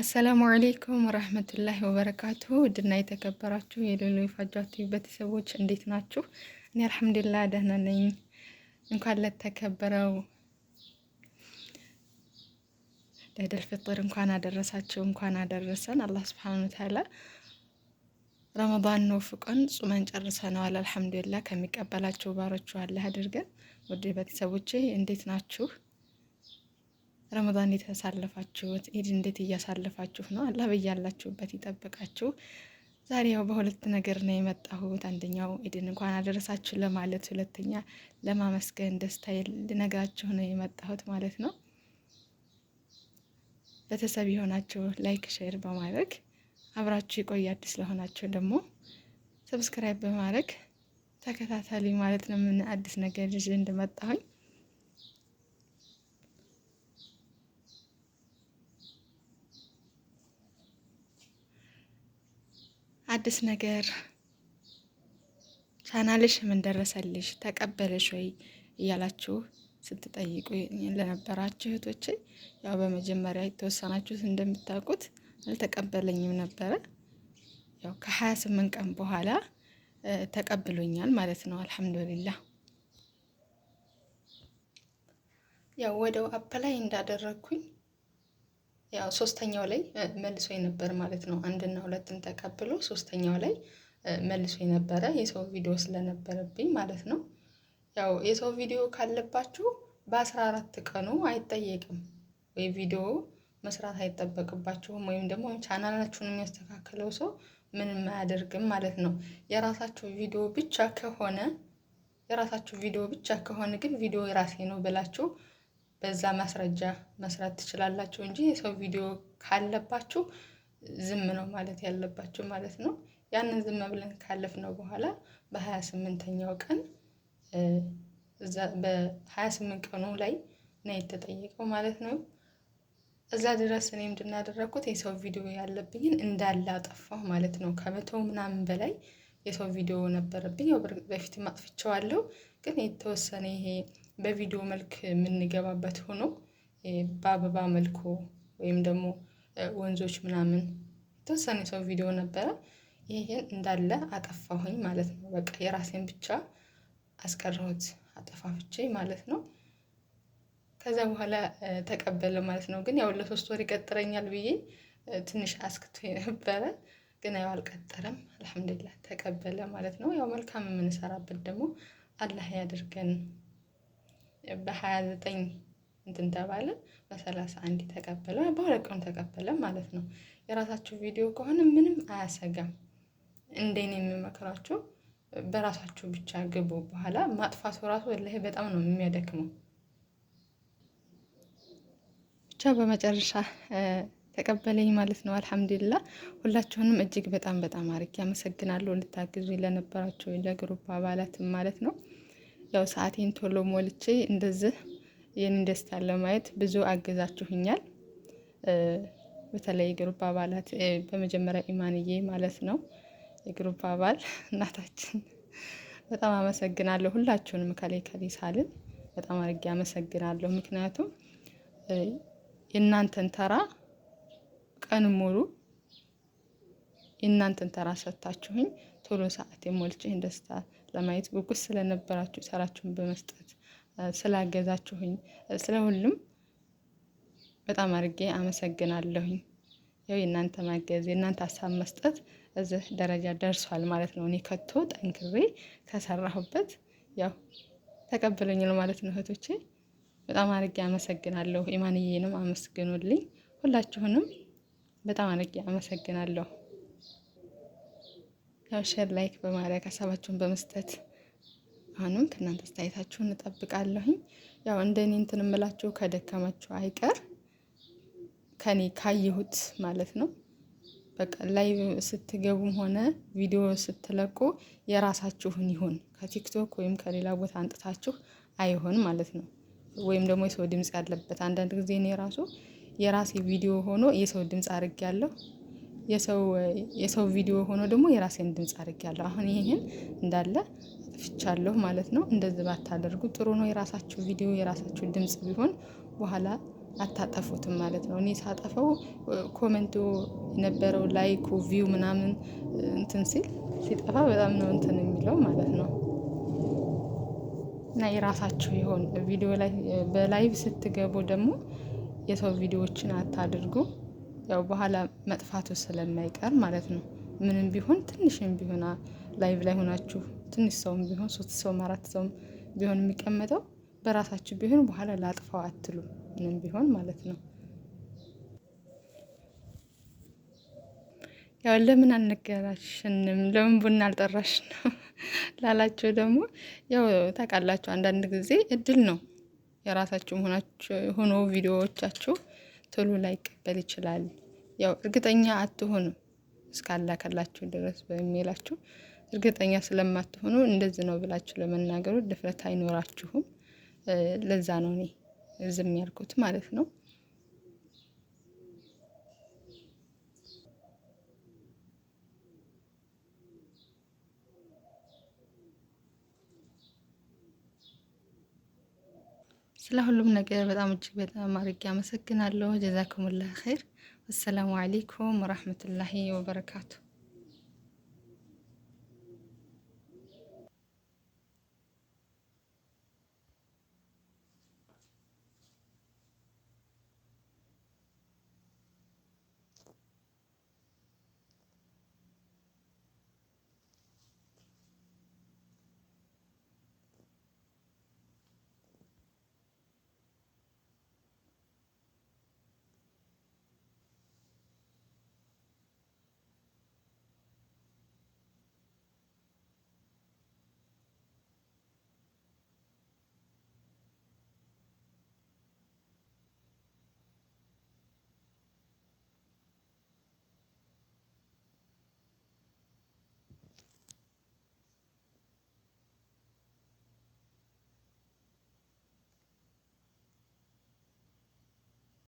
አሰላሙ አሌይኩም ወረህመቱላሂ ወበረካቱ ውድና የተከበራችሁ የሌሎ የፋጃቱ ቤተሰቦች እንዴት ናችሁ? እኔ አልሐምዱሊላህ ደህና ነኝ። እንኳን ለተከበረው ለኢደል ፍጥር እንኳን አደረሳችሁ፣ እንኳን አደረሰን። አላህ ስብሓነ ወተዓላ ረመዳን ወፍቆን ጾመን ጨርሰነዋል። አልሐምዱሊላህ ከሚቀበላቸው ባሮቹ አላህ አድርገን። ውድ ቤተሰቦቼ እንዴት ናችሁ? ረመዳን የተሳለፋችሁት ኢድ እንዴት እያሳለፋችሁ ነው? አላህ በያላችሁበት ይጠብቃችሁ። ዛሬ ያው በሁለት ነገር ነው የመጣሁት። አንደኛው ኢድን እንኳን አደረሳችሁ ለማለት፣ ሁለተኛ ለማመስገን ደስታ ልነግራችሁ ነው የመጣሁት ማለት ነው። ቤተሰብ የሆናችሁ ላይክ፣ ሼር በማድረግ አብራችሁ የቆየ አዲስ ለሆናችሁ ደግሞ ሰብስክራይብ በማድረግ ተከታታሊ ማለት ነው። ምን አዲስ ነገር ይዤ እንደመጣሁኝ አዲስ ነገር ቻናልሽ ምን ደረሰልሽ ተቀበለሽ ወይ እያላችሁ ስትጠይቁ ለነበራችሁ እህቶች ያው በመጀመሪያ የተወሰናችሁት እንደምታውቁት አልተቀበለኝም ነበረ። ያው ከሀያ ስምንት ቀን በኋላ ተቀብሎኛል ማለት ነው። አልሐምዱሊላህ ያው ወደው አፕላይ እንዳደረግኩኝ ያው ሶስተኛው ላይ መልሶ የነበር ማለት ነው። አንድና ሁለትን ተቀብሎ ሶስተኛው ላይ መልሶ የነበረ የሰው ቪዲዮ ስለነበረብኝ ማለት ነው። ያው የሰው ቪዲዮ ካለባችሁ በአስራ አራት ቀኑ አይጠየቅም ወይ ቪዲዮ መስራት አይጠበቅባችሁም። ወይም ደግሞ ቻናላችሁን የሚያስተካክለው ሰው ምንም አያደርግም ማለት ነው። የራሳችሁ ቪዲዮ ብቻ ከሆነ የራሳችሁ ቪዲዮ ብቻ ከሆነ ግን ቪዲዮ የራሴ ነው ብላችሁ በዛ ማስረጃ መስራት ትችላላችሁ እንጂ የሰው ቪዲዮ ካለባችሁ ዝም ነው ማለት ያለባችሁ ማለት ነው። ያንን ዝም ብለን ካለፍ ነው በኋላ በሀያ ስምንተኛው ቀን በሀያ ስምንት ቀኑ ላይ ነው የተጠየቀው ማለት ነው። እዛ ድረስ እኔ እንድናደረግኩት የሰው ቪዲዮ ያለብኝን እንዳለ አጠፋሁ ማለት ነው። ከመቶ ምናምን በላይ የሰው ቪዲዮ ነበረብኝ። በፊት ማጥፍቼዋለሁ ግን የተወሰነ ይሄ በቪዲዮ መልክ የምንገባበት ሆኖ በአበባ መልኩ ወይም ደግሞ ወንዞች ምናምን የተወሰነ ሰው ቪዲዮ ነበረ። ይህን እንዳለ አጠፋሁኝ ማለት ነው። በቃ የራሴን ብቻ አስቀረሁት አጠፋፍቼ ማለት ነው። ከዛ በኋላ ተቀበለ ማለት ነው። ግን ያው ለሶስት ወር ይቀጥረኛል ብዬ ትንሽ አስክቶ ነበረ። ግን ያው አልቀጠረም። አልሐምዱሊላህ ተቀበለ ማለት ነው። ያው መልካም የምንሰራበት ደግሞ አላህ ያድርገን። በ 29 እንትን ተባለ በሰላሳ አንድ ተቀበለ በሁለት ቀን ተቀበለ ማለት ነው። የራሳችሁ ቪዲዮ ከሆነ ምንም አያሰጋም። እንደኔ የሚመክራችሁ በራሳችሁ ብቻ ግቡ። በኋላ ማጥፋቱ ራሱ ወላሂ በጣም ነው የሚያደክመው። ብቻ በመጨረሻ ተቀበለኝ ማለት ነው። አልሐምዱሊላ ሁላችሁንም እጅግ በጣም በጣም አሪክ ያመሰግናለሁ፣ ልታግዙ ለነበራችሁ ለግሩፕ አባላትም ማለት ነው። ያው ሰዓቴን ቶሎ ሞልቼ እንደዚህ ይህን ደስታ ለማየት ብዙ አግዛችሁኛል። በተለይ ግሩፕ አባላት በመጀመሪያ ኢማንዬ ማለት ነው የግሩፕ አባል እናታችን በጣም አመሰግናለሁ። ሁላችሁንም ከላይ ከሌ ሳልን በጣም አድርጌ አመሰግናለሁ። ምክንያቱም የእናንተን ተራ ቀን ሙሉ የእናንተን ተራ ሰጥታችሁኝ ቶሎ ሰዓት የሞልጭ ይህን ደስታ ለማየት ጉጉት ስለነበራችሁ ሰራችሁን በመስጠት ስላገዛችሁኝ ስለሁሉም በጣም አድርጌ አመሰግናለሁኝ። ያው የእናንተ ማገዝ የእናንተ ሀሳብ መስጠት እዚህ ደረጃ ደርሷል ማለት ነው። እኔ ከቶ ጠንክሬ ከሰራሁበት ያው ተቀብለኛል ማለት ነው። እህቶቼ በጣም አድርጌ አመሰግናለሁ። ኢማንዬንም አመስግኑልኝ። ሁላችሁንም በጣም አድርጌ አመሰግናለሁ። ያው ሸር ላይክ በማድረግ ሀሳባችሁን በመስጠት አሁንም ከእናንተ አስተያየታችሁን እንጠብቃለሁኝ። ያው እንደኔ እንትን እምላችሁ ከደከማችሁ አይቀር ከኔ ካየሁት ማለት ነው። በቃ ላይቭ ስትገቡም ሆነ ቪዲዮ ስትለቁ የራሳችሁን ይሁን፣ ከቲክቶክ ወይም ከሌላ ቦታ አንጥታችሁ አይሆን ማለት ነው። ወይም ደግሞ የሰው ድምፅ ያለበት አንዳንድ ጊዜ እኔ ራሱ የራሴ ቪዲዮ ሆኖ የሰው ድምፅ አድርጌያለሁ። የሰው ቪዲዮ ሆኖ ደግሞ የራሴን ድምፅ አድርጌያለሁ። አሁን ይህን እንዳለ ፍቻለሁ ማለት ነው። እንደዚህ ባታደርጉ ጥሩ ነው። የራሳችሁ ቪዲዮ የራሳችሁ ድምፅ ቢሆን በኋላ አታጠፉትም ማለት ነው። እኔ ሳጠፈው ኮመንቱ የነበረው ላይኩ ቪው ምናምን እንትን ሲል ሲጠፋ በጣም ነው እንትን የሚለው ማለት ነው። እና የራሳችሁ ይሆን ቪዲዮ ላይ በላይቭ ስትገቡ ደግሞ የሰው ቪዲዮዎችን አታድርጉ። ያው በኋላ መጥፋቱ ስለማይቀር ማለት ነው። ምንም ቢሆን ትንሽም ቢሆን ላይቭ ላይ ሆናችሁ ትንሽ ሰውም ቢሆን ሶስት ሰውም አራት ሰውም ቢሆን የሚቀመጠው በራሳችሁ ቢሆን በኋላ ላጥፋው አትሉ ምንም ቢሆን ማለት ነው። ያው ለምን አልነገራሽንም ለምን ቡና አልጠራሽ ነው ላላቸው ደግሞ ያው ታውቃላችሁ፣ አንዳንድ ጊዜ እድል ነው የራሳችሁ ሆኖ ቪዲዮዎቻችሁ ቶሎ ላይቀበል ይችላል። ያው እርግጠኛ አትሆኑ እስካላከላችሁ ድረስ በሚላችሁ እርግጠኛ ስለማትሆኑ እንደዚህ ነው ብላችሁ ለመናገሩ ድፍረት አይኖራችሁም። ለዛ ነው እኔ ዝም ያልኩት ማለት ነው። ስለ ሁሉም ነገር በጣም እጅግ በጣም አድርጌ አመሰግናለሁ። ጀዛኩሙላህ ኸይር። አሰላሙ አሌይኩም ወራህመቱላሂ ወበረካቱ።